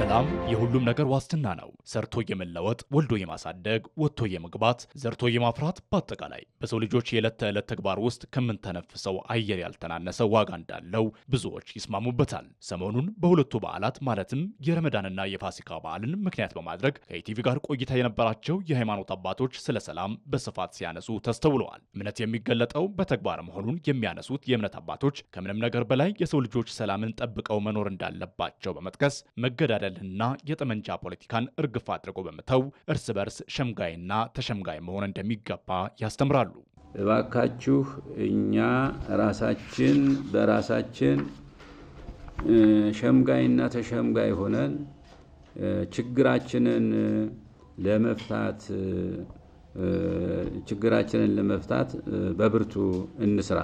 ሰላም የሁሉም ነገር ዋስትና ነው። ሰርቶ የመለወጥ፣ ወልዶ የማሳደግ፣ ወጥቶ የመግባት፣ ዘርቶ የማፍራት፣ በአጠቃላይ በሰው ልጆች የዕለት ተዕለት ተግባር ውስጥ ከምንተነፍሰው አየር ያልተናነሰ ዋጋ እንዳለው ብዙዎች ይስማሙበታል። ሰሞኑን በሁለቱ በዓላት ማለትም የረመዳንና የፋሲካ በዓልን ምክንያት በማድረግ ከኢቲቪ ጋር ቆይታ የነበራቸው የሃይማኖት አባቶች ስለ ሰላም በስፋት ሲያነሱ ተስተውለዋል። እምነት የሚገለጠው በተግባር መሆኑን የሚያነሱት የእምነት አባቶች ከምንም ነገር በላይ የሰው ልጆች ሰላምን ጠብቀው መኖር እንዳለባቸው በመጥቀስ መገዳደል መገለልና የጠመንጃ ፖለቲካን እርግፍ አድርጎ በመተው እርስ በርስ ሸምጋይና ተሸምጋይ መሆን እንደሚገባ ያስተምራሉ። እባካችሁ እኛ ራሳችን በራሳችን ሸምጋይና ተሸምጋይ ሆነን ችግራችንን ለመፍታት ችግራችንን ለመፍታት በብርቱ እንስራ፣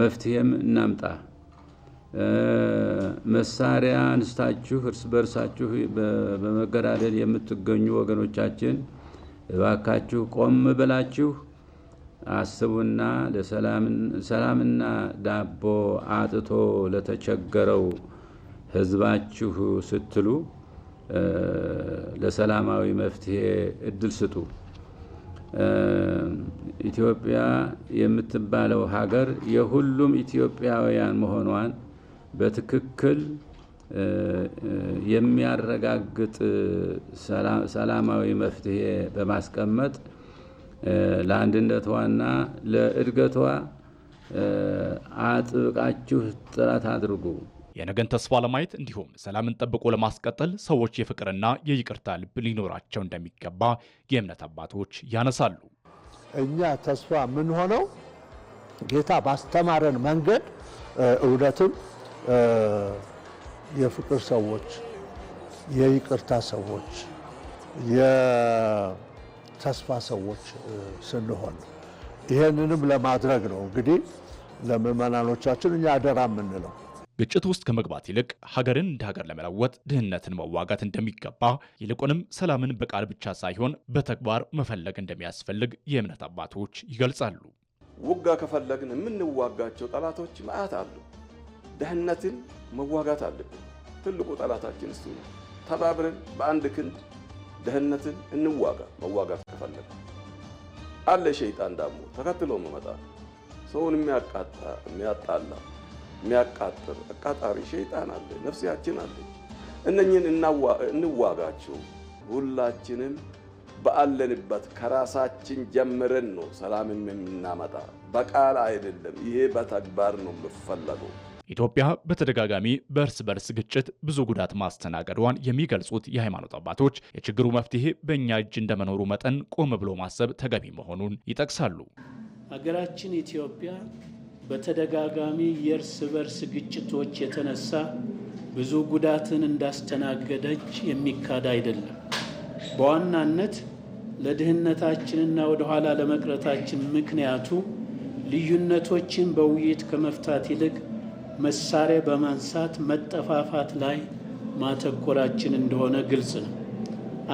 መፍትሄም እናምጣ። መሳሪያ አንስታችሁ እርስ በርሳችሁ በመገዳደል የምትገኙ ወገኖቻችን እባካችሁ ቆም ብላችሁ አስቡና ሰላምና ዳቦ አጥቶ ለተቸገረው ሕዝባችሁ ስትሉ ለሰላማዊ መፍትሄ እድል ስጡ። ኢትዮጵያ የምትባለው ሀገር የሁሉም ኢትዮጵያውያን መሆኗን በትክክል የሚያረጋግጥ ሰላማዊ መፍትሄ በማስቀመጥ ለአንድነቷና ለእድገቷ አጥብቃችሁ ጥረት አድርጉ። የነገን ተስፋ ለማየት እንዲሁም ሰላምን ጠብቆ ለማስቀጠል ሰዎች የፍቅርና የይቅርታ ልብ ሊኖራቸው እንደሚገባ የእምነት አባቶች ያነሳሉ። እኛ ተስፋ ሆነው ጌታ ባስተማረን መንገድ እውነትም የፍቅር ሰዎች፣ የይቅርታ ሰዎች፣ የተስፋ ሰዎች ስንሆን ይህንንም ለማድረግ ነው እንግዲህ ለምዕመናኖቻችን እኛ አደራ የምንለው። ግጭት ውስጥ ከመግባት ይልቅ ሀገርን እንደ ሀገር ለመለወጥ ድህነትን መዋጋት እንደሚገባ ይልቁንም ሰላምን በቃል ብቻ ሳይሆን በተግባር መፈለግ እንደሚያስፈልግ የእምነት አባቶች ይገልጻሉ። ውጋ ከፈለግን የምንዋጋቸው ጠላቶች መዓት አሉ። ድህነትን መዋጋት አለብን። ትልቁ ጠላታችን እሱ ነው። ተባብረን በአንድ ክንድ ድህነትን እንዋጋ። መዋጋት ከፈለግ አለ ሸይጣን ዳሞ ተከትሎ መመጣ ሰውን የሚያቃጣ የሚያጣላ የሚያቃጥር አቃጣሪ ሸይጣን አለ፣ ነፍሲያችን አለ። እነኝን እንዋጋቸው። ሁላችንም በአለንበት ከራሳችን ጀምረን ነው ሰላምን የምናመጣ። በቃል አይደለም፣ ይሄ በተግባር ነው የምፈለገው። ኢትዮጵያ በተደጋጋሚ በእርስ በርስ ግጭት ብዙ ጉዳት ማስተናገዷን የሚገልጹት የሃይማኖት አባቶች የችግሩ መፍትሄ በእኛ እጅ እንደመኖሩ መጠን ቆም ብሎ ማሰብ ተገቢ መሆኑን ይጠቅሳሉ። ሀገራችን ኢትዮጵያ በተደጋጋሚ የእርስ በርስ ግጭቶች የተነሳ ብዙ ጉዳትን እንዳስተናገደች የሚካድ አይደለም። በዋናነት ለድህነታችንና ወደ ኋላ ለመቅረታችን ምክንያቱ ልዩነቶችን በውይይት ከመፍታት ይልቅ መሳሪያ በማንሳት መጠፋፋት ላይ ማተኮራችን እንደሆነ ግልጽ ነው።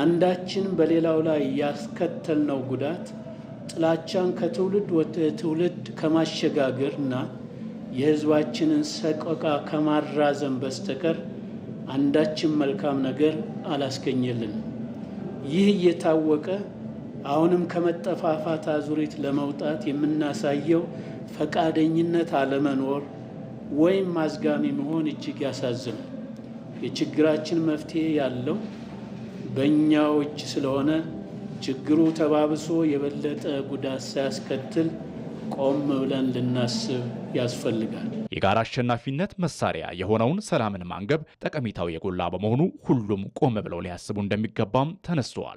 አንዳችን በሌላው ላይ ያስከተልነው ጉዳት ጥላቻን ከትውልድ ወደ ትውልድ ከማሸጋገር እና የሕዝባችንን ሰቆቃ ከማራዘም በስተቀር አንዳችን መልካም ነገር አላስገኘልንም። ይህ እየታወቀ አሁንም ከመጠፋፋት አዙሪት ለመውጣት የምናሳየው ፈቃደኝነት አለመኖር ወይም ማዝጋሚ መሆን እጅግ ያሳዝናል። የችግራችን መፍትሄ ያለው በእኛው እጅ ስለሆነ ችግሩ ተባብሶ የበለጠ ጉዳት ሳያስከትል ቆም ብለን ልናስብ ያስፈልጋል። የጋራ አሸናፊነት መሳሪያ የሆነውን ሰላምን ማንገብ ጠቀሜታው የጎላ በመሆኑ ሁሉም ቆም ብለው ሊያስቡ እንደሚገባም ተነስተዋል።